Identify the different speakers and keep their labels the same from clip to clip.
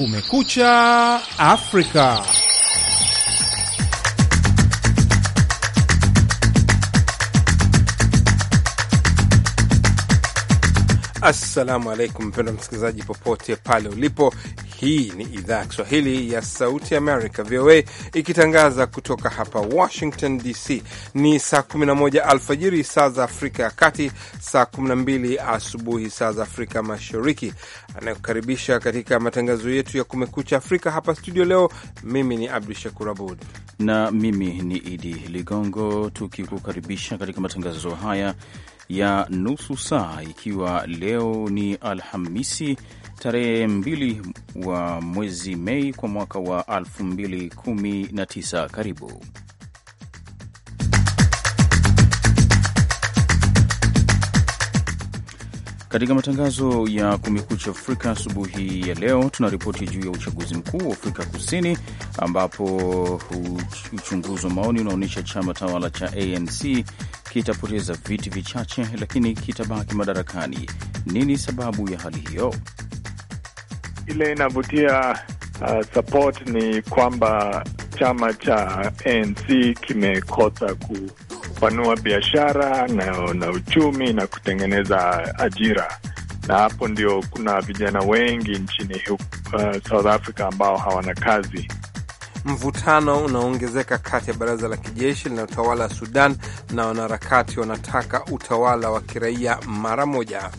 Speaker 1: Kumekucha Afrika. Assalamu alaikum, mpendwa msikilizaji, popote pale ulipo. Hii ni idhaa ya Kiswahili ya Sauti Amerika, VOA, ikitangaza kutoka hapa Washington DC. Ni saa 11 alfajiri saa za Afrika ya Kati, saa 12 asubuhi saa za Afrika Mashariki. Anayekukaribisha katika matangazo yetu ya Kumekucha Afrika hapa studio leo, mimi ni Abdu Shakur Abud
Speaker 2: na mimi ni Idi Ligongo, tukikukaribisha katika matangazo haya ya nusu saa, ikiwa leo ni Alhamisi tarehe 2 wa mwezi Mei kwa mwaka wa 2019. Karibu katika matangazo ya Kumekucha Afrika. Asubuhi ya leo tuna ripoti juu ya uchaguzi mkuu wa Afrika Kusini, ambapo uchunguzi wa maoni unaonyesha chama tawala cha ANC kitapoteza viti vichache, lakini
Speaker 3: kitabaki madarakani. Nini sababu ya hali hiyo? ile inavutia uh, support ni kwamba chama cha ANC kimekosa kupanua biashara na, na uchumi na kutengeneza ajira, na hapo ndio kuna vijana wengi nchini uh, South Africa ambao hawana kazi. Mvutano unaongezeka kati
Speaker 1: ya baraza la kijeshi linalotawala Sudan na wanaharakati wanataka utawala wa
Speaker 2: kiraia mara moja.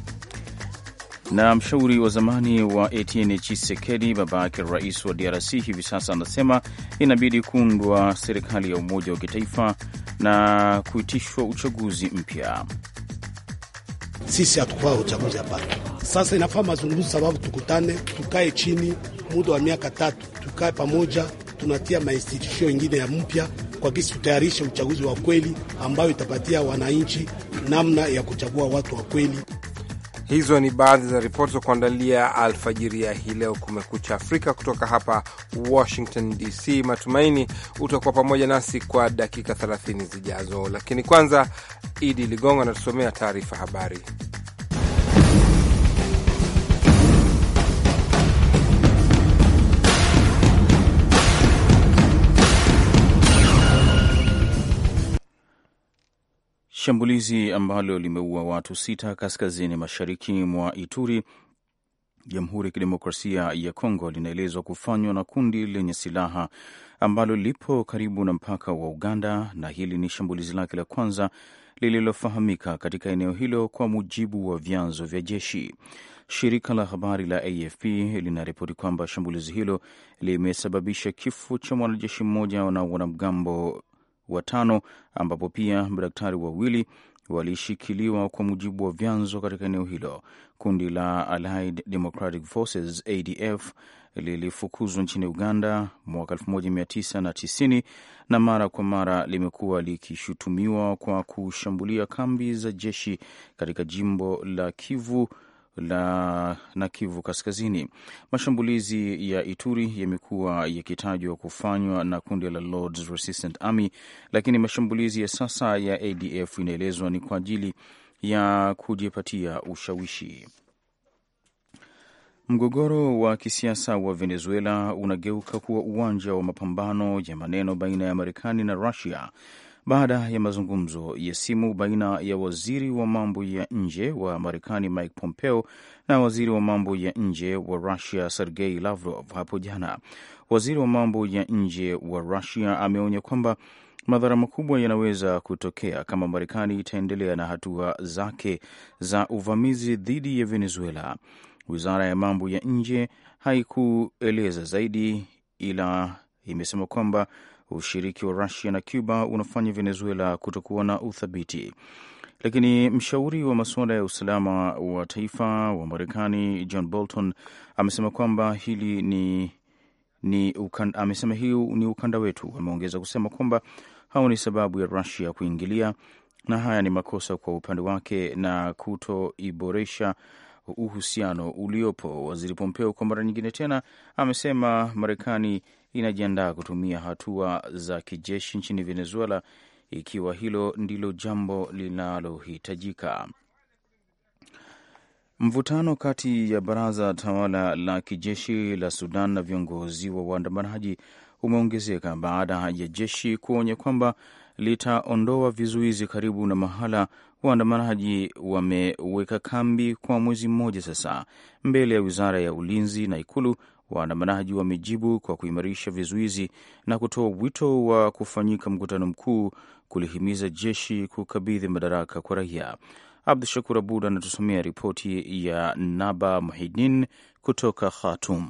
Speaker 2: Na mshauri wa zamani wa Etienne Chisekedi, baba yake rais wa DRC, hivi sasa anasema inabidi kuundwa serikali ya umoja wa kitaifa na kuitishwa uchaguzi mpya.
Speaker 4: Sisi hatukufaa uchaguzi hapana. Sasa inafaa mazungumzo, sababu tukutane, tukae chini muda wa miaka tatu, tukae pamoja, tunatia mainstitutio ingine ya mpya kwa kisi tutayarishe uchaguzi
Speaker 1: wa kweli ambayo itapatia wananchi namna ya kuchagua watu wa kweli. Hizo ni baadhi za ripoti za kuandalia alfajiri ya hii leo, Kumekucha Afrika, kutoka hapa Washington DC. Matumaini utakuwa pamoja nasi kwa dakika 30 zijazo, lakini kwanza Idi Ligongo anatusomea taarifa habari.
Speaker 2: Shambulizi ambalo limeua watu sita kaskazini mashariki mwa Ituri, Jamhuri ya Kidemokrasia ya Kongo, linaelezwa kufanywa na kundi lenye silaha ambalo lipo karibu na mpaka wa Uganda, na hili ni shambulizi lake la kwanza lililofahamika katika eneo hilo, kwa mujibu wa vyanzo vya jeshi. Shirika la habari la AFP linaripoti kwamba shambulizi hilo limesababisha kifo cha mwanajeshi mmoja na wanamgambo watano, ambapo pia madaktari wawili walishikiliwa kwa mujibu wa vyanzo katika eneo hilo. Kundi la Allied Democratic Forces ADF lilifukuzwa nchini Uganda mwaka 1990 na mara kwa mara limekuwa likishutumiwa kwa kushambulia kambi za jeshi katika jimbo la Kivu la na Kivu Kaskazini. Mashambulizi ya Ituri yamekuwa yakitajwa kufanywa na kundi la Lords Resistance Army, lakini mashambulizi ya sasa ya ADF inaelezwa ni kwa ajili ya kujipatia ushawishi. Mgogoro wa kisiasa wa Venezuela unageuka kuwa uwanja wa mapambano ya maneno baina ya Marekani na Rusia baada ya mazungumzo ya simu baina ya waziri wa mambo ya nje wa Marekani Mike Pompeo na waziri wa mambo ya nje wa Rusia Sergei Lavrov hapo jana. Waziri wa mambo ya nje wa Rusia ameonya kwamba madhara makubwa yanaweza kutokea kama Marekani itaendelea na hatua zake za uvamizi dhidi ya Venezuela. Wizara ya mambo ya nje haikueleza zaidi, ila imesema kwamba ushiriki wa Rusia na Cuba unafanya Venezuela kutokuwa na uthabiti. Lakini mshauri wa masuala ya usalama wa taifa wa Marekani John Bolton amesema kwamba hili ni, ni ukanda, amesema hiyo ni ukanda wetu. Ameongeza kusema kwamba hao ni sababu ya Rusia kuingilia na haya ni makosa kwa upande wake na kutoiboresha uhusiano uliopo. Waziri Pompeo kwa mara nyingine tena amesema Marekani inajiandaa kutumia hatua za kijeshi nchini Venezuela ikiwa hilo ndilo jambo linalohitajika. Mvutano kati ya baraza tawala la kijeshi la Sudan na viongozi wa waandamanaji umeongezeka baada ya jeshi kuonya kwamba litaondoa vizuizi karibu na mahala Waandamanaji wameweka kambi kwa mwezi mmoja sasa mbele ya wizara ya ulinzi na Ikulu. Waandamanaji wamejibu kwa kuimarisha vizuizi na kutoa wito wa kufanyika mkutano mkuu kulihimiza jeshi kukabidhi madaraka kwa raia. Abdu Shakur Abud anatusomea ripoti ya Naba Muhidin kutoka Khatum.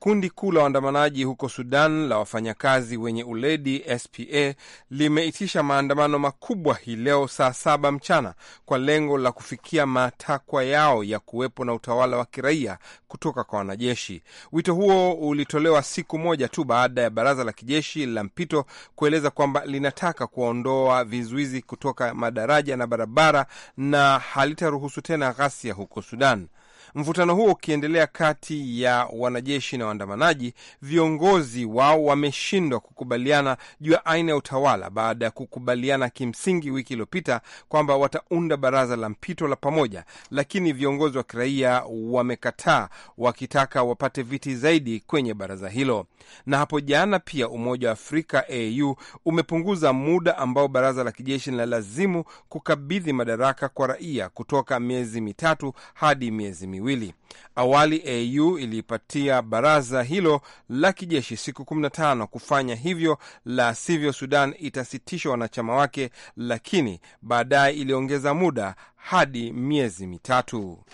Speaker 1: Kundi kuu la waandamanaji huko Sudan
Speaker 2: la wafanyakazi wenye uledi
Speaker 1: SPA limeitisha maandamano makubwa hii leo saa saba mchana kwa lengo la kufikia matakwa yao ya kuwepo na utawala wa kiraia kutoka kwa wanajeshi. Wito huo ulitolewa siku moja tu baada ya baraza la kijeshi la mpito kueleza kwamba linataka kuwaondoa vizuizi kutoka madaraja na barabara na halitaruhusu tena ghasia huko Sudan. Mvutano huo ukiendelea kati ya wanajeshi na waandamanaji, viongozi wao wameshindwa kukubaliana juu ya aina ya utawala baada ya kukubaliana kimsingi wiki iliyopita kwamba wataunda baraza la mpito la pamoja, lakini viongozi wa kiraia wamekataa, wakitaka wapate viti zaidi kwenye baraza hilo. Na hapo jana pia Umoja wa Afrika AU umepunguza muda ambao baraza la kijeshi linalazimu kukabidhi madaraka kwa raia kutoka miezi mitatu hadi miezi miwili miwili. Awali AU ilipatia baraza hilo la kijeshi siku 15 kufanya hivyo, la sivyo Sudan itasitisha wanachama wake, lakini baadaye iliongeza muda
Speaker 2: hadi miezi mitatu.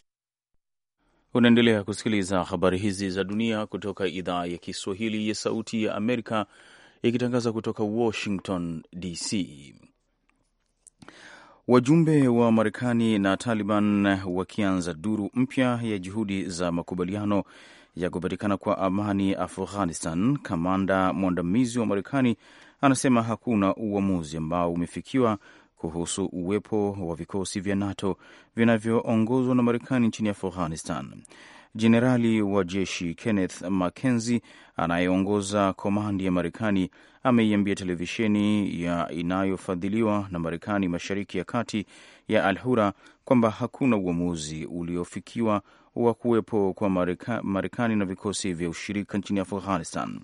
Speaker 2: Unaendelea kusikiliza habari hizi za dunia kutoka idhaa ya Kiswahili ya Sauti ya Amerika, ikitangaza kutoka Washington DC. Wajumbe wa Marekani na Taliban wakianza duru mpya ya juhudi za makubaliano ya kupatikana kwa amani Afghanistan. Kamanda mwandamizi wa Marekani anasema hakuna uamuzi ambao umefikiwa kuhusu uwepo wa vikosi vya NATO vinavyoongozwa na Marekani nchini Afghanistan. Jenerali wa jeshi Kenneth McKenzie anayeongoza komandi ya Marekani ameiambia televisheni ya inayofadhiliwa na Marekani mashariki ya kati ya Al Hura kwamba hakuna uamuzi uliofikiwa wa kuwepo kwa Marekani marika na vikosi vya ushirika nchini Afghanistan.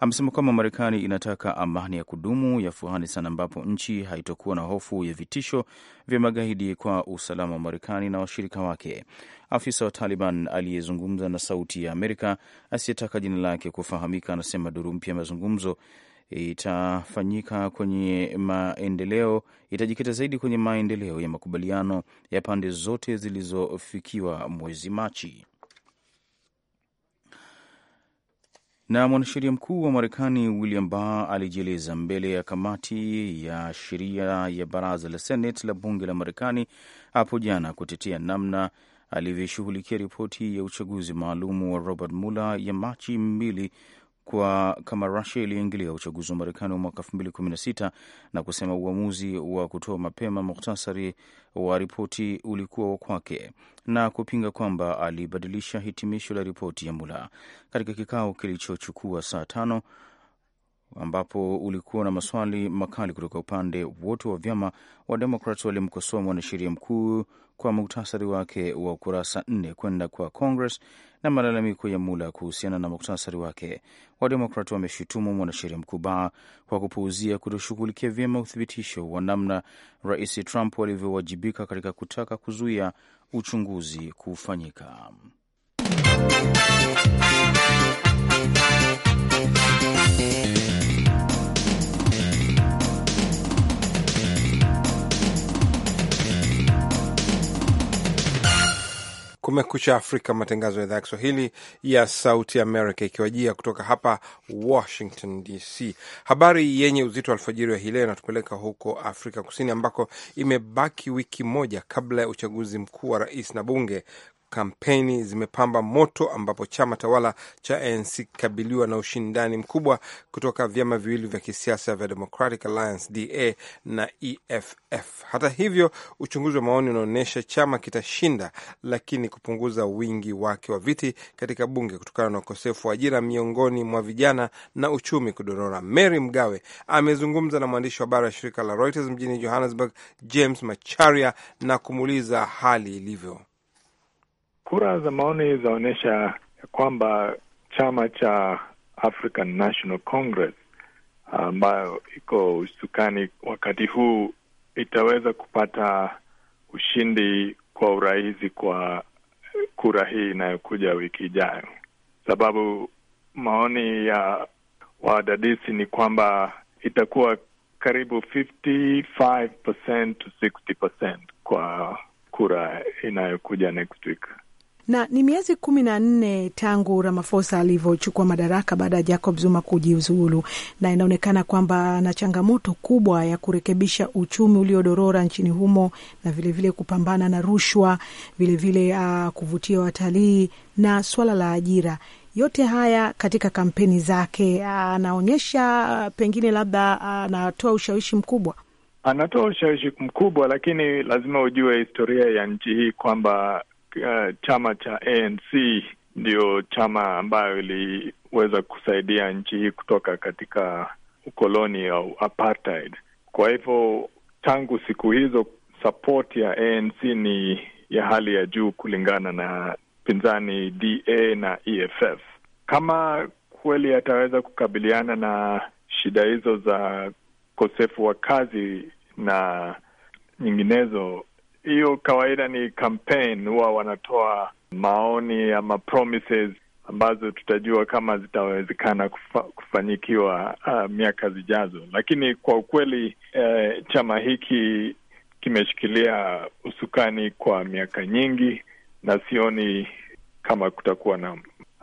Speaker 2: Amesema kwamba Marekani inataka amani ya kudumu ya Afghanistan, ambapo nchi haitokuwa na hofu ya vitisho vya magaidi kwa usalama wa Marekani na washirika wake. Afisa wa Taliban aliyezungumza na Sauti ya Amerika asiyetaka jina lake kufahamika anasema duru mpya ya mazungumzo itafanyika kwenye maendeleo, itajikita zaidi kwenye maendeleo ya makubaliano ya pande zote zilizofikiwa mwezi Machi. Na mwanasheria mkuu wa Marekani William Barr alijieleza mbele ya kamati ya sheria ya baraza la Senate la bunge la Marekani hapo jana kutetea namna alivyoshughulikia ripoti ya uchaguzi maalum wa Robert Mueller ya Machi mbili kwa kama Rusia iliingilia uchaguzi wa Marekani wa mwaka 2016 na kusema uamuzi wa kutoa mapema muhtasari wa ripoti ulikuwa wa kwake na kupinga kwamba alibadilisha hitimisho la ripoti ya Mula katika kikao kilichochukua saa tano ambapo ulikuwa na maswali makali kutoka upande wote wa vyama Wademokrat Walimkosoa mwanasheria mkuu kwa muktasari wake wa kurasa nne kwenda kwa Congress na malalamiko ya Mula kuhusiana na muktasari wake. Wademokrat wameshutumu mwanasheria mkuu Barr kwa kupuuzia kutoshughulikia vyema uthibitisho wa namna Rais Trump alivyowajibika katika kutaka kuzuia uchunguzi kufanyika.
Speaker 1: Kumekucha Afrika, matangazo ya idhaa ya Kiswahili ya Sauti Amerika ikiwajia kutoka hapa Washington DC. Habari yenye uzito wa alfajiri wa hii leo inatupeleka huko Afrika Kusini, ambako imebaki wiki moja kabla ya uchaguzi mkuu wa rais na bunge kampeni zimepamba moto, ambapo chama tawala cha ANC kikabiliwa na ushindani mkubwa kutoka vyama viwili vya kisiasa vya Democratic Alliance DA na EFF. Hata hivyo, uchunguzi wa maoni unaonyesha chama kitashinda, lakini kupunguza wingi wake wa viti katika bunge kutokana na ukosefu wa ajira miongoni mwa vijana na uchumi kudorora. Mary Mgawe amezungumza na mwandishi wa habari ya shirika la Reuters mjini Johannesburg, James Macharia, na kumuuliza
Speaker 3: hali ilivyo. Kura za maoni zaonyesha ya kwamba chama cha African National Congress ambayo iko usukani wakati huu itaweza kupata ushindi kwa urahisi kwa kura hii inayokuja wiki ijayo, sababu maoni ya wadadisi ni kwamba itakuwa karibu 55% to 60% kwa kura inayokuja next week
Speaker 5: na ni miezi kumi na nne tangu ramafosa alivyochukua madaraka baada ya Jacob Zuma kujiuzulu, na inaonekana kwamba ana changamoto kubwa ya kurekebisha uchumi uliodorora nchini humo na vilevile vile kupambana na rushwa, vilevile uh, ah, kuvutia watalii na swala la ajira. Yote haya katika kampeni zake ah, anaonyesha, ah, pengine labda anatoa ushawishi mkubwa
Speaker 3: anatoa ushawishi mkubwa, lakini lazima ujue historia ya nchi hii kwamba Uh, chama cha ANC ndio chama ambayo iliweza kusaidia nchi hii kutoka katika ukoloni au apartheid. Kwa hivyo tangu siku hizo support ya ANC ni ya hali ya juu kulingana na pinzani DA na EFF. Kama kweli ataweza kukabiliana na shida hizo za ukosefu wa kazi na nyinginezo, hiyo kawaida ni campaign, huwa wanatoa maoni ama promises ambazo tutajua kama zitawezekana kufa, kufanyikiwa uh, miaka zijazo. Lakini kwa ukweli uh, chama hiki kimeshikilia usukani kwa miaka nyingi na sioni kama kutakuwa na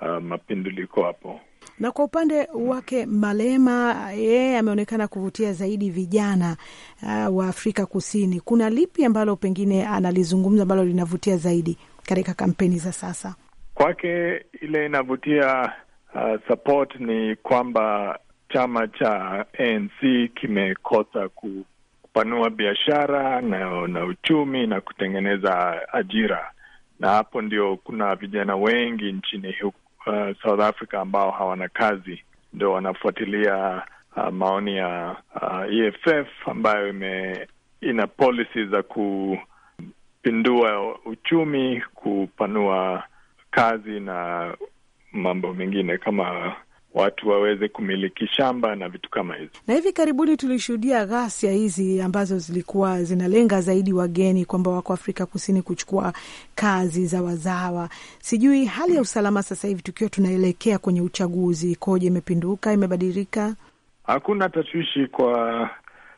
Speaker 3: uh, mapinduliko hapo.
Speaker 5: Na kwa upande wake Malema, yeye ameonekana kuvutia zaidi vijana uh, wa Afrika Kusini. Kuna lipi ambalo pengine analizungumza ambalo linavutia zaidi katika kampeni za sasa?
Speaker 3: Kwake ile inavutia uh, support ni kwamba chama cha ANC kimekosa kupanua biashara na, na uchumi na kutengeneza ajira, na hapo ndio kuna vijana wengi nchini huku uh, South Africa ambao hawana kazi ndo wanafuatilia uh, maoni ya uh, EFF ambayo ime, ina policy za kupindua uchumi, kupanua kazi na mambo mengine kama watu waweze kumiliki shamba na vitu kama hizo.
Speaker 5: Na hivi karibuni tulishuhudia ghasia hizi ambazo zilikuwa zinalenga zaidi wageni, kwamba wako Afrika Kusini kuchukua kazi za wazawa. Sijui hali ya usalama sasa hivi tukiwa tunaelekea kwenye uchaguzi ikoje? Imepinduka, imebadilika?
Speaker 3: Hakuna tashwishi kwa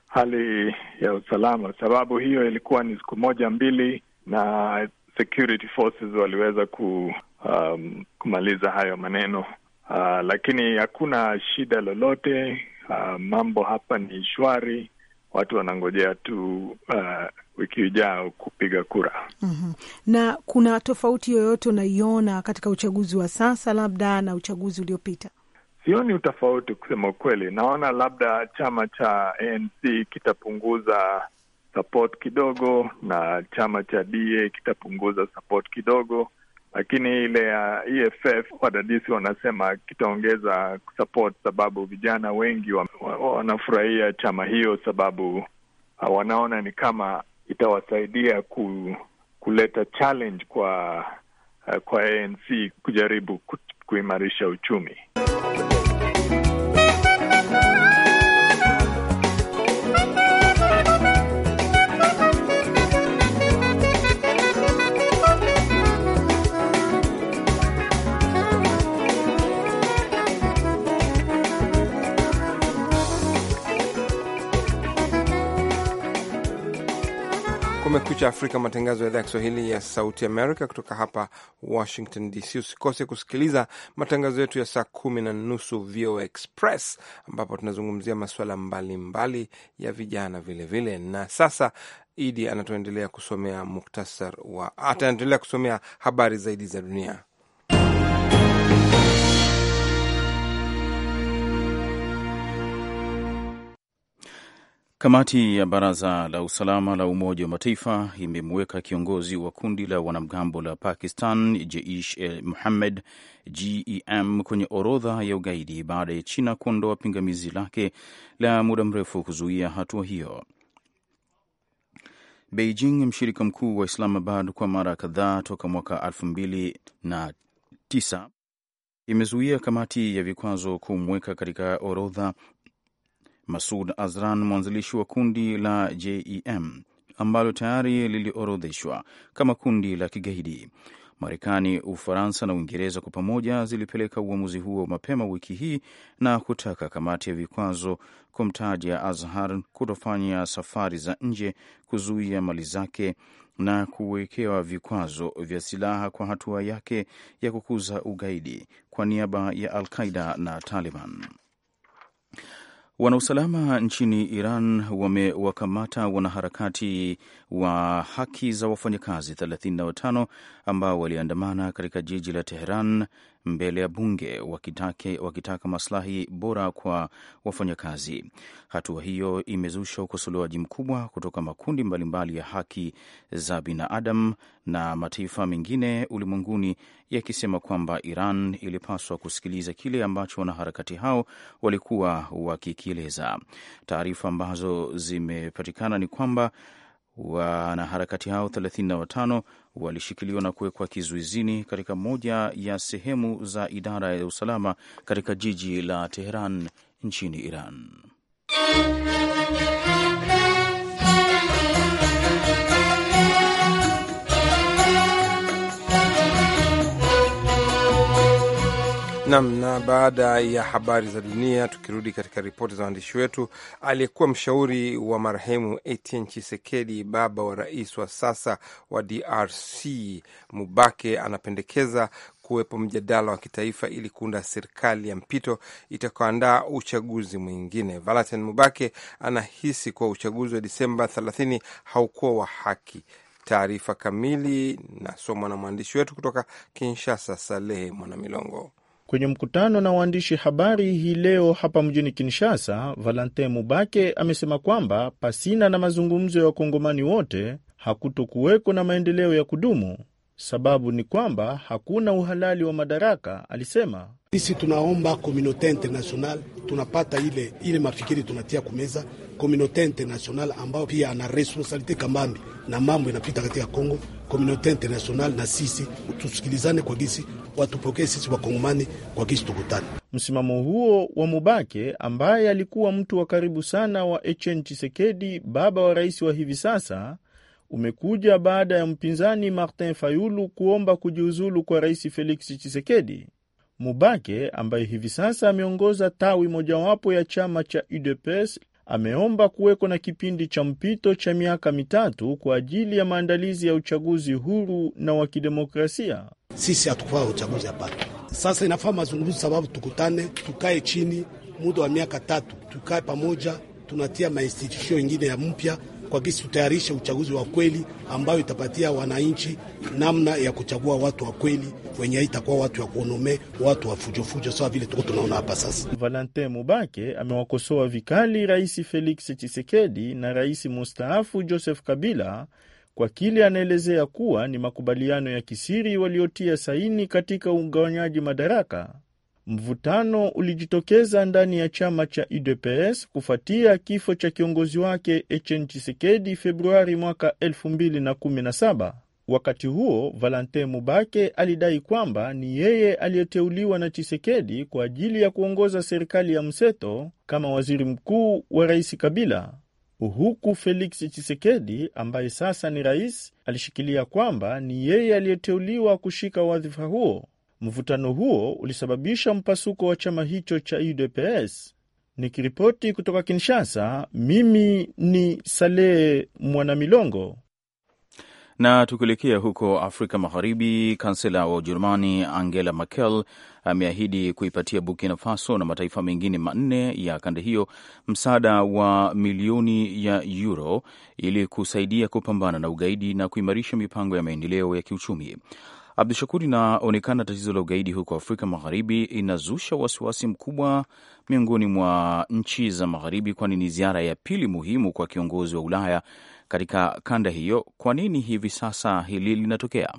Speaker 3: hali ya usalama, sababu hiyo ilikuwa ni siku moja mbili, na security forces waliweza ku, um, kumaliza hayo maneno Uh, lakini hakuna shida lolote. Uh, mambo hapa ni shwari, watu wanangojea tu uh, wiki ijao kupiga kura.
Speaker 5: mm -hmm. Na kuna tofauti yoyote unaiona katika uchaguzi wa sasa labda na
Speaker 3: uchaguzi uliopita? Sioni utofauti kusema ukweli. Naona labda chama cha ANC kitapunguza support kidogo na chama cha DA kitapunguza support kidogo lakini ile ya uh, e EFF wadadisi wanasema kitaongeza support, sababu vijana wengi wanafurahia wa, wa, chama hiyo, sababu uh, wanaona ni kama itawasaidia ku, kuleta challenge kwa uh, kwa ANC kujaribu kuimarisha uchumi.
Speaker 1: Kumekucha Afrika, matangazo ya idhaa ya Kiswahili ya Sauti Amerika kutoka hapa Washington DC. Usikose kusikiliza matangazo yetu ya saa kumi na nusu VOA Express, ambapo tunazungumzia masuala mbalimbali ya vijana vilevile vile. Na sasa Idi anatuendelea kusomea muktasar wa ataendelea kusomea habari zaidi za dunia.
Speaker 2: Kamati ya Baraza la Usalama la Umoja wa Mataifa imemweka kiongozi wa kundi la wanamgambo la Pakistan Jeish el Muhammed GEM kwenye orodha ya ugaidi baada ya China kuondoa pingamizi lake la muda mrefu kuzuia hatua hiyo. Beijing, mshirika mkuu wa Islamabad kwa mara kadhaa toka mwaka 2009 imezuia kamati ya vikwazo kumweka katika orodha Masud Azran, mwanzilishi wa kundi la JEM ambalo tayari liliorodheshwa kama kundi la kigaidi. Marekani, Ufaransa na Uingereza kwa pamoja zilipeleka uamuzi huo mapema wiki hii na kutaka kamati ya vikwazo kumtaja Azhar kutofanya safari za nje, kuzuia mali zake na kuwekewa vikwazo vya silaha kwa hatua yake ya kukuza ugaidi kwa niaba ya Al Qaida na Taliban. Wanausalama nchini Iran wamewakamata wanaharakati wa haki za wafanyakazi 35 ambao waliandamana katika jiji la Teheran mbele ya bunge wakitake, wakitaka maslahi bora kwa wafanyakazi. Hatua hiyo imezusha ukosolewaji mkubwa kutoka makundi mbalimbali ya haki za binadamu na mataifa mengine ulimwenguni yakisema kwamba Iran ilipaswa kusikiliza kile ambacho wanaharakati hao walikuwa wakikieleza. Taarifa ambazo zimepatikana ni kwamba wanaharakati hao watano walishikiliwa na kuwekwa kizuizini katika moja ya sehemu za idara ya usalama katika jiji la Teheran nchini Iran.
Speaker 1: Nam na baada ya habari za dunia, tukirudi katika ripoti za waandishi wetu, aliyekuwa mshauri wa marehemu Etienne Chisekedi, baba wa rais wa sasa wa DRC Mubake, anapendekeza kuwepo mjadala wa kitaifa ili kuunda serikali ya mpito itakaoandaa uchaguzi mwingine. Valentin Mubake anahisi kuwa uchaguzi wa Disemba 30 haukuwa wa haki. Taarifa kamili nasomwa na mwandishi wetu kutoka Kinshasa, Salehe Mwanamilongo. Kwenye
Speaker 4: mkutano na waandishi habari hii leo hapa mjini Kinshasa, Valentin Mubake amesema kwamba pasina na mazungumzo ya wakongomani wote hakutokuweko na maendeleo ya kudumu. Sababu ni kwamba hakuna uhalali wa madaraka, alisema. Sisi tunaomba komunote international, tunapata ile ile mafikiri tunatia kumeza komunote international ambao pia ana responsibility kambambi na mambo inapita katika Kongo. Komunote international na sisi tusikilizane kwa gisi, watupokee sisi wakongomani kwa gisi, tukutane. Msimamo huo wa Mubake ambaye alikuwa mtu wa karibu sana wa Etienne chisekedi baba wa rais wa hivi sasa umekuja baada ya mpinzani Martin Fayulu kuomba kujiuzulu kwa rais Felix Tshisekedi. Mubake ambaye hivi sasa ameongoza tawi mojawapo ya chama cha UDPS ameomba kuweko na kipindi cha mpito cha miaka mitatu kwa ajili ya maandalizi ya uchaguzi huru na wa kidemokrasia. Sisi hatukufaa uchaguzi hapana, sasa inafaa mazungumzo, sababu tukutane, tukae chini muda wa miaka tatu, tukae pamoja, tunatia mainstitusio ingine ya mpya kwa kisi tutayarishe uchaguzi wa kweli ambayo itapatia wananchi namna ya kuchagua watu wa kweli wenye haitakuwa watu ya kuonome watu wa fujofujo sawa vile tuko tunaona hapa sasa. Valentin Mubake amewakosoa vikali Rais Felix Tshisekedi na Rais mustaafu Joseph Kabila kwa kile anaelezea kuwa ni makubaliano ya kisiri waliotia saini katika ugawanyaji madaraka. Mvutano ulijitokeza ndani ya chama cha UDPS kufuatia kifo cha kiongozi wake Etienne Tshisekedi Februari mwaka 2017. Wakati huo Valentin Mubake alidai kwamba ni yeye aliyeteuliwa na Chisekedi kwa ajili ya kuongoza serikali ya mseto kama waziri mkuu wa rais Kabila, huku Felix Chisekedi ambaye sasa ni rais alishikilia kwamba ni yeye aliyeteuliwa kushika wadhifa huo. Mvutano huo ulisababisha mpasuko wa chama hicho cha UDPS. Nikiripoti kutoka Kinshasa, mimi ni Saleh Mwanamilongo.
Speaker 2: Na tukielekea huko Afrika Magharibi, kansela wa Ujerumani Angela Merkel ameahidi kuipatia Burkina Faso na mataifa mengine manne ya kanda hiyo msaada wa milioni ya euro ili kusaidia kupambana na ugaidi na kuimarisha mipango ya maendeleo ya kiuchumi. Abdu Shakur, inaonekana tatizo la ugaidi huko Afrika Magharibi inazusha wasiwasi mkubwa miongoni mwa nchi za Magharibi, kwani ni ziara ya pili muhimu kwa kiongozi wa Ulaya katika kanda hiyo. Kwa nini hivi sasa hili linatokea?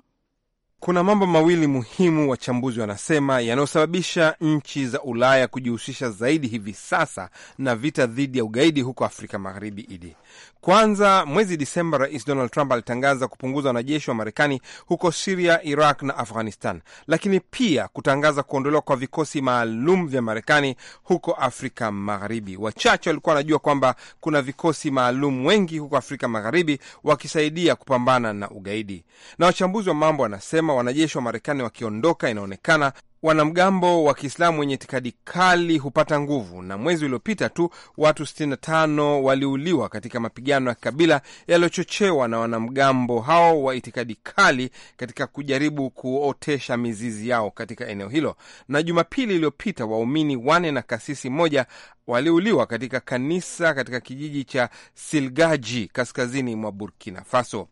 Speaker 1: Kuna mambo mawili muhimu, wachambuzi
Speaker 2: wanasema, yanayosababisha
Speaker 1: nchi za Ulaya kujihusisha zaidi hivi sasa na vita dhidi ya ugaidi huko Afrika Magharibi. Idi, kwanza mwezi Disemba, Rais Donald Trump alitangaza kupunguza wanajeshi wa Marekani huko Siria, Iraq na Afghanistan, lakini pia kutangaza kuondolewa kwa vikosi maalum vya Marekani huko Afrika Magharibi. Wachache walikuwa wanajua kwamba kuna vikosi maalum wengi huko Afrika Magharibi wakisaidia kupambana na ugaidi, na wachambuzi wa mambo wanasema wanajeshi wa Marekani wakiondoka, inaonekana wanamgambo wa Kiislamu wenye itikadi kali hupata nguvu, na mwezi uliopita tu watu 65 waliuliwa katika mapigano ya kikabila yaliyochochewa na wanamgambo hao wa itikadi kali katika kujaribu kuotesha mizizi yao katika eneo hilo. Na Jumapili iliyopita waumini wane na kasisi moja waliuliwa katika kanisa katika kijiji cha Silgaji kaskazini mwa Burkina Faso.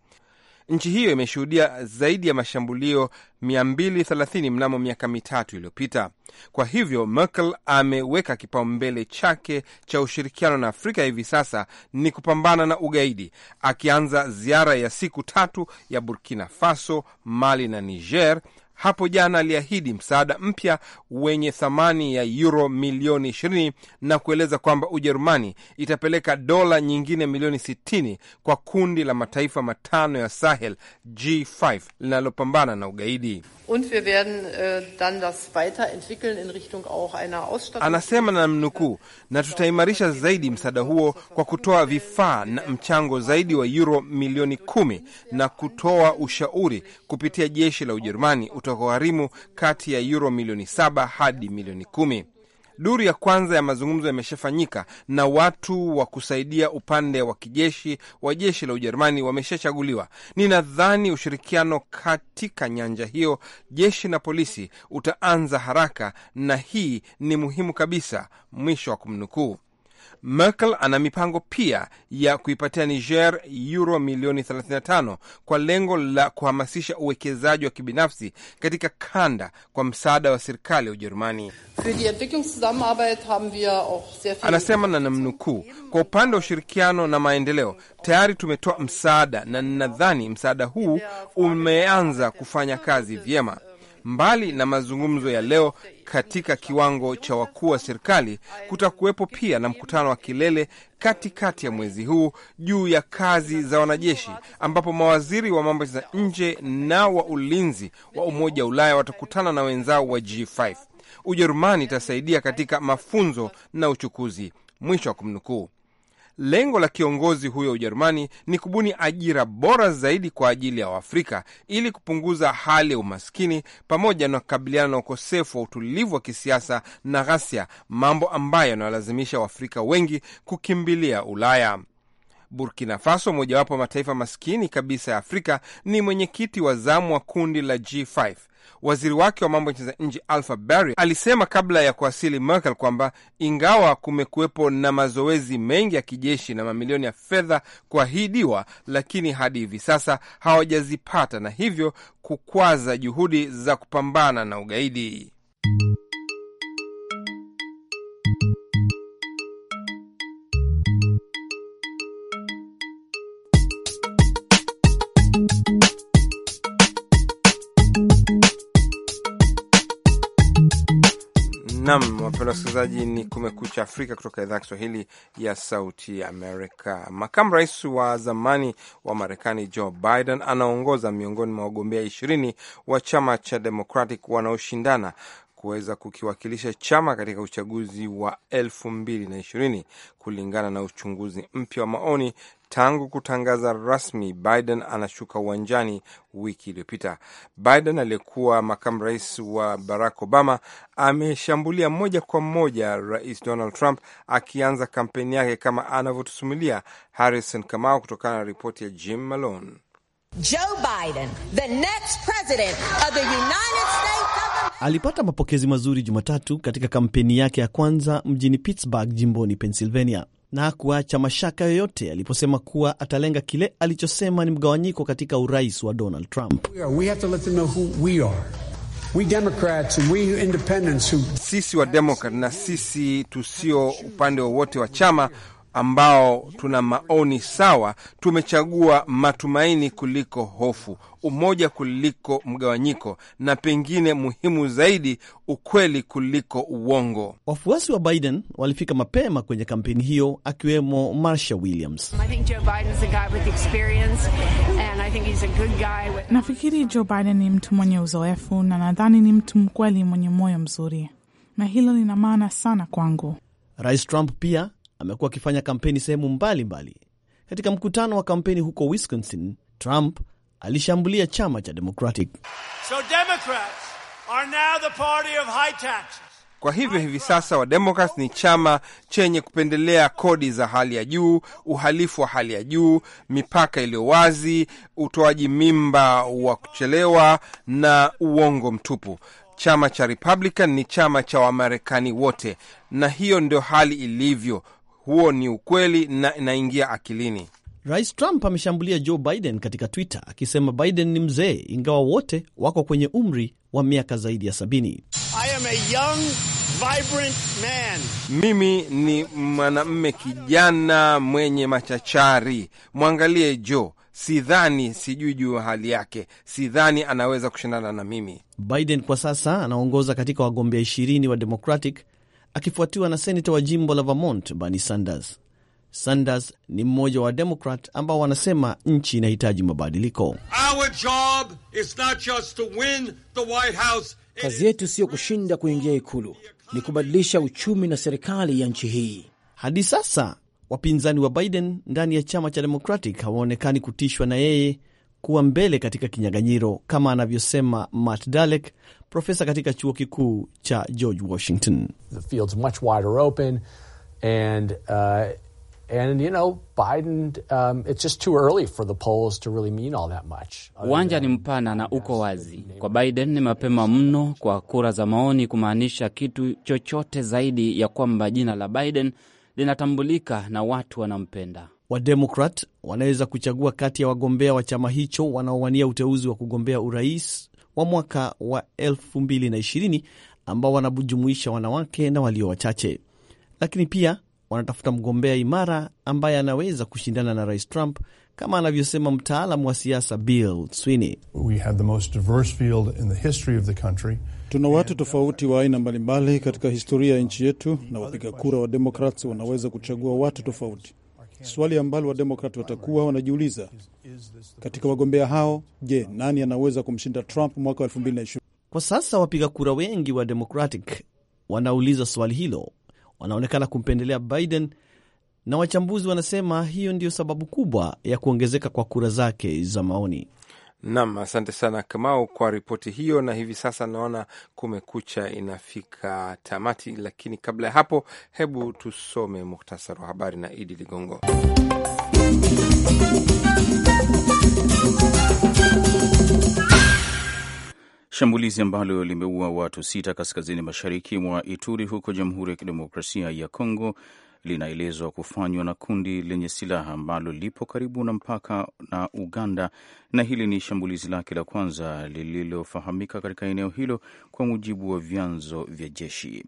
Speaker 1: Nchi hiyo imeshuhudia zaidi ya mashambulio 230 mnamo miaka mitatu iliyopita. Kwa hivyo Merkel ameweka kipaumbele chake cha ushirikiano na Afrika hivi sasa ni kupambana na ugaidi, akianza ziara ya siku tatu ya Burkina Faso, Mali na Niger hapo jana aliahidi msaada mpya wenye thamani ya euro milioni 20 na kueleza kwamba Ujerumani itapeleka dola nyingine milioni 60 kwa kundi la mataifa matano ya Sahel G5 linalopambana na ugaidi.
Speaker 3: Und wir werden, uh, dann das weiterentwickeln in Richtung auch einer Ausstattung. Anasema
Speaker 1: na mnukuu, na tutaimarisha zaidi msaada huo kwa kutoa vifaa na mchango zaidi wa euro milioni 1 na kutoa ushauri kupitia jeshi la Ujerumani kutoka kati ya euro milioni saba hadi milioni kumi. Duru ya kwanza ya mazungumzo yameshafanyika na watu wa kusaidia upande wa kijeshi wa jeshi la Ujerumani wameshachaguliwa. Ninadhani ushirikiano katika nyanja hiyo, jeshi na polisi, utaanza haraka, na hii ni muhimu kabisa. Mwisho wa kumnukuu. Merkel ana mipango pia ya kuipatia Niger euro milioni 35 kwa lengo la kuhamasisha uwekezaji wa kibinafsi katika kanda kwa msaada wa serikali ya Ujerumani. Anasema na namnukuu, kwa upande wa ushirikiano na maendeleo tayari tumetoa msaada na ninadhani msaada huu umeanza kufanya kazi vyema. Mbali na mazungumzo ya leo katika kiwango cha wakuu wa serikali, kutakuwepo pia na mkutano wa kilele katikati kati ya mwezi huu juu ya kazi za wanajeshi, ambapo mawaziri wa mambo za nje na wa ulinzi wa Umoja wa Ulaya watakutana na wenzao wa G5. Ujerumani itasaidia katika mafunzo na uchukuzi. Mwisho wa kumnukuu. Lengo la kiongozi huyo Ujerumani ni kubuni ajira bora zaidi kwa ajili ya Waafrika ili kupunguza hali ya umaskini pamoja na kukabiliana na ukosefu wa utulivu wa kisiasa na ghasia, mambo ambayo yanawalazimisha Waafrika wengi kukimbilia Ulaya. Burkina Faso, mojawapo wa mataifa maskini kabisa ya Afrika, ni mwenyekiti wa zamu wa kundi la G5 Waziri wake wa mambo ya nje Alpha Barry alisema kabla ya kuwasili Merkel kwamba ingawa kumekuwepo na mazoezi mengi ya kijeshi na mamilioni ya fedha kuahidiwa, lakini hadi hivi sasa hawajazipata na hivyo kukwaza juhudi za kupambana na ugaidi. Nam, wapenda wasikilizaji, ni Kumekucha Afrika kutoka idhaa ya Kiswahili ya Sauti Amerika. Makamu rais wa zamani wa Marekani Joe Biden anaongoza miongoni mwa wagombea ishirini wa chama cha Democratic wanaoshindana kuweza kukiwakilisha chama katika uchaguzi wa elfu mbili na ishirini kulingana na uchunguzi mpya wa maoni. Tangu kutangaza rasmi, Biden anashuka uwanjani wiki iliyopita. Biden aliyekuwa makamu rais wa Barack Obama ameshambulia moja kwa moja Rais Donald Trump akianza kampeni yake, kama anavyotusumilia Harrison Kamau kutokana na ripoti ya Jim Malone.
Speaker 3: Joe Biden, the next president of the United States
Speaker 6: Alipata mapokezi mazuri Jumatatu katika kampeni yake ya kwanza mjini Pittsburgh, jimboni Pennsylvania, na kuacha mashaka yoyote aliposema kuwa atalenga kile alichosema ni mgawanyiko katika urais wa Donald Trump.
Speaker 1: sisi wa Demokrat na sisi tusio upande wowote wa chama ambao tuna maoni sawa, tumechagua matumaini kuliko hofu, umoja kuliko mgawanyiko, na pengine muhimu zaidi, ukweli kuliko
Speaker 6: uongo. Wafuasi wa Biden walifika mapema kwenye kampeni hiyo, akiwemo Marsha Williams.
Speaker 2: Nafikiri Joe Biden ni mtu mwenye uzoefu na nadhani ni mtu mkweli mwenye moyo mzuri, na hilo lina maana sana kwangu.
Speaker 6: Rais Trump pia amekuwa akifanya kampeni sehemu mbalimbali. Katika mkutano wa kampeni huko Wisconsin, Trump alishambulia chama cha Democratic.
Speaker 4: So Democrats are now the party of high taxes.
Speaker 1: Kwa hivyo hivi sasa Wademokrat ni chama chenye kupendelea kodi za hali ya juu, uhalifu wa hali ya juu, mipaka iliyo wazi, utoaji mimba wa kuchelewa na uongo mtupu. Chama cha Republican ni chama cha Wamarekani wote, na hiyo ndio hali ilivyo huo ni ukweli na inaingia
Speaker 6: akilini. Rais Trump ameshambulia Joe Biden katika Twitter akisema Biden ni mzee, ingawa wote wako kwenye umri wa miaka zaidi ya sabini.
Speaker 4: I am a young, vibrant man.
Speaker 1: Mimi ni mwanamme kijana mwenye machachari. Mwangalie Joe, sidhani, sijui juu hali yake, sidhani anaweza kushindana na mimi.
Speaker 6: Biden kwa sasa anaongoza katika wagombea ishirini wa Democratic akifuatiwa na senata wa jimbo la Vermont Bernie Sanders. Sanders ni mmoja wa Demokrat ambao wanasema nchi inahitaji mabadiliko. Kazi yetu siyo kushinda kuingia Ikulu, ni kubadilisha uchumi na serikali ya nchi hii. Hadi sasa wapinzani wa Biden ndani ya chama cha Democratic hawaonekani kutishwa na yeye kuwa mbele katika kinyaganyiro kama anavyosema Matt Dalek, profesa katika chuo kikuu cha George Washington.
Speaker 3: The field's much wider open and, uh, um,
Speaker 2: Uwanja ni mpana na uko wazi kwa Biden, ni mapema mno kwa kura za maoni kumaanisha kitu chochote zaidi ya kwamba jina la Biden linatambulika na watu wanampenda.
Speaker 6: Wademokrat wanaweza kuchagua kati ya wagombea wa chama hicho wanaowania uteuzi wa kugombea urais wa mwaka wa 2020 ambao wanajumuisha wanawake na walio wachache, lakini pia wanatafuta mgombea imara ambaye anaweza kushindana na Rais Trump kama anavyosema mtaalam wa siasa Bill Sweeney.
Speaker 5: Tuna watu tofauti wa aina mbalimbali katika
Speaker 4: historia ya nchi yetu, na wapiga kura wa Demokrats wanaweza kuchagua watu tofauti swali
Speaker 6: ambalo wademokrati watakuwa wanajiuliza katika wagombea hao. Je, nani anaweza kumshinda Trump mwaka wa 2020? Kwa sasa wapiga kura wengi wa Democratic wanauliza swali hilo, wanaonekana kumpendelea Biden na wachambuzi wanasema hiyo ndiyo sababu kubwa ya kuongezeka kwa kura zake za maoni.
Speaker 1: Nam, asante sana Kamau kwa ripoti hiyo. Na hivi sasa naona Kumekucha inafika tamati, lakini kabla ya hapo, hebu tusome muhtasari wa habari na Idi Ligongo.
Speaker 2: Shambulizi ambalo limeua watu sita kaskazini mashariki mwa Ituri huko Jamhuri ya Kidemokrasia ya Kongo linaelezwa kufanywa na kundi lenye silaha ambalo lipo karibu na mpaka na Uganda, na hili ni shambulizi lake la kwanza lililofahamika katika eneo hilo, kwa mujibu wa vyanzo vya jeshi.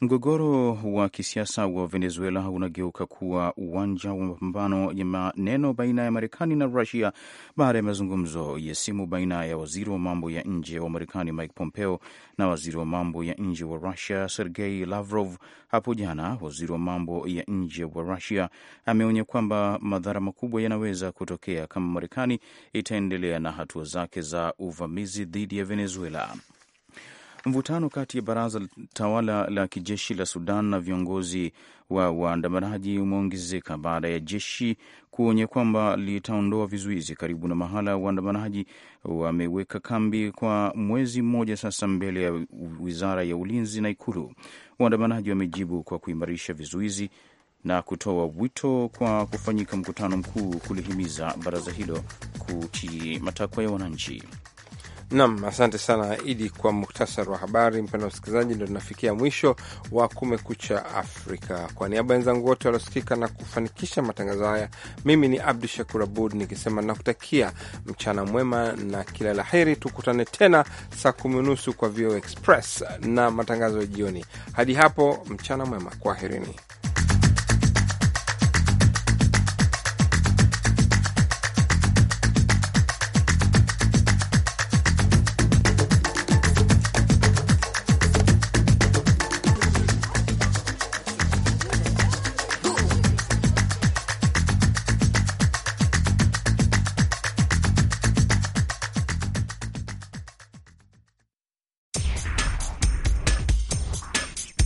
Speaker 2: Mgogoro wa kisiasa wa Venezuela unageuka kuwa uwanja wa mapambano ya maneno baina ya Marekani na Rusia baada ya mazungumzo ya simu baina ya waziri wa mambo ya nje wa Marekani Mike Pompeo na waziri wa mambo ya nje wa Rusia Sergei Lavrov hapo jana. Waziri wa mambo ya nje wa Rusia ameonya kwamba madhara makubwa yanaweza kutokea kama Marekani itaendelea na hatua zake za uvamizi dhidi ya Venezuela. Mvutano kati ya baraza tawala la kijeshi la Sudan na viongozi wa waandamanaji umeongezeka baada ya jeshi kuonya kwamba litaondoa vizuizi karibu na mahala waandamanaji wameweka kambi kwa mwezi mmoja sasa, mbele ya wizara ya ulinzi na Ikulu. Waandamanaji wamejibu kwa kuimarisha vizuizi na kutoa wito kwa kufanyika mkutano mkuu kulihimiza baraza hilo kutii matakwa ya wananchi.
Speaker 1: Nam, asante sana Idi kwa muktasari wa habari. Mpendo wa msikilizaji, ndo tunafikia mwisho wa Kumekucha Afrika. Kwa niaba ya wenzangu wote waliosikika na kufanikisha matangazo haya, mimi ni Abdu Shakur Abud nikisema nakutakia mchana mwema na kila la heri. Tukutane tena saa kumi unusu kwa VOA Express na matangazo ya jioni. Hadi hapo, mchana mwema, kwaherini.